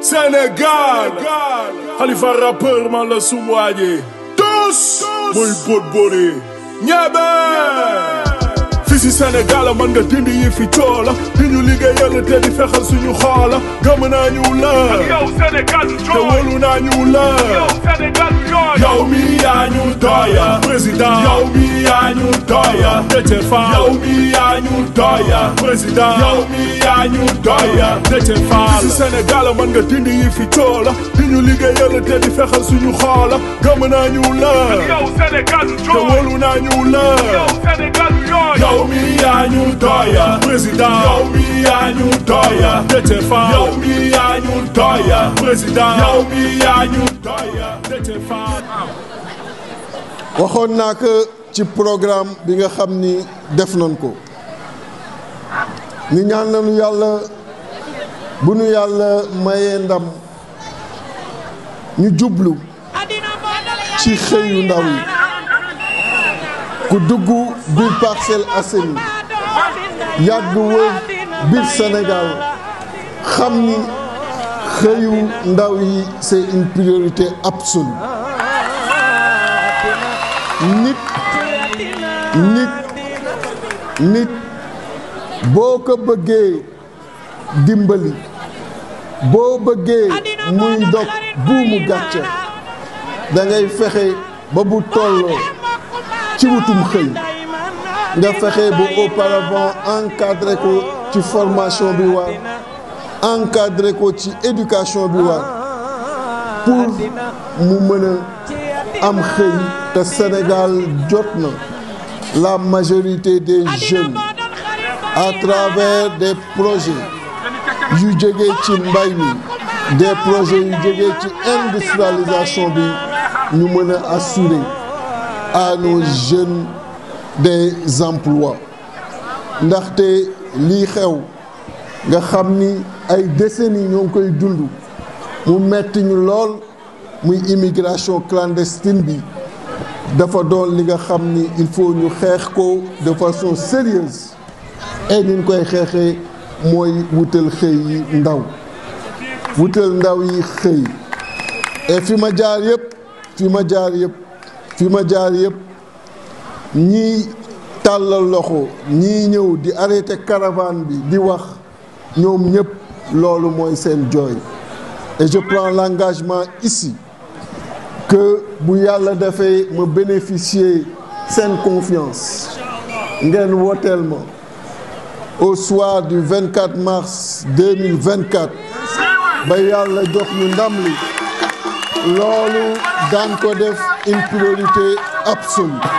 Sénégal Khalifa rappeur man la suwaaje tous muy bóot bóore ñebe fii si Sénégal mën nga dindi yi coola di ñu liggéeyal te di xoola gëm naa ñu la yow Sénégal te wóolu naa ñu la yow Sénégal yow mi yaa ñu doya yaa ñu doya président yow mi yaa ñu doya Déthié waxoon naa ko ci programme bi nga xam ni def nañ ko ñu ñaan nañu yàlla bu ñu yàlla mayee ndam ñu jublu ci xëyu ndaw yi ku dugg biir Parcelles Assainies yàgg wër biir Sénégal xam ni xëyu ndaw yi c'est une priorité absolue nit nit nit boo ko bëggee dimbali boo bëggee muy dog buumu gàcce da fexe ba bu tolloo ci wutum xëy nga fexe ba auparavant encadré ko ci formation bi war encadré ko ci éducation bi war pour mu mën a am xëy te Sénégal jot na la majorité des jeunes à travers des projets yu jógee ci mbay mi des projets yu jógee ci industrialisation bi ñu mën a assurer à nos jeunes des emplois ndaxte lii xew nga xam ni ay décennies ñoo ngi koy dund mu metti ñu lool muy immigration clandestine bi dafa doon li nga xam ni il faut ñu xeex ko de façon sérieuse et ni koy xeexee mooy wutal xëy yi ndaw wutal ndaw yi xëy et fi ma jaar yëpp fi ma jaar yëpp fi ma jaar yëpp ñii tàllal loxo ñii ñëw di arrêté caravane bi di wax ñoom ñëpp loolu mooy seen jooy et je prends l'engagement ici que bu yàlla defee ma bénéficier seen confiance ngeen wooteel ma au soir du 24 mars 2024 ba yàlla jox ñu ndam li loolu daan ko def une priorité absolue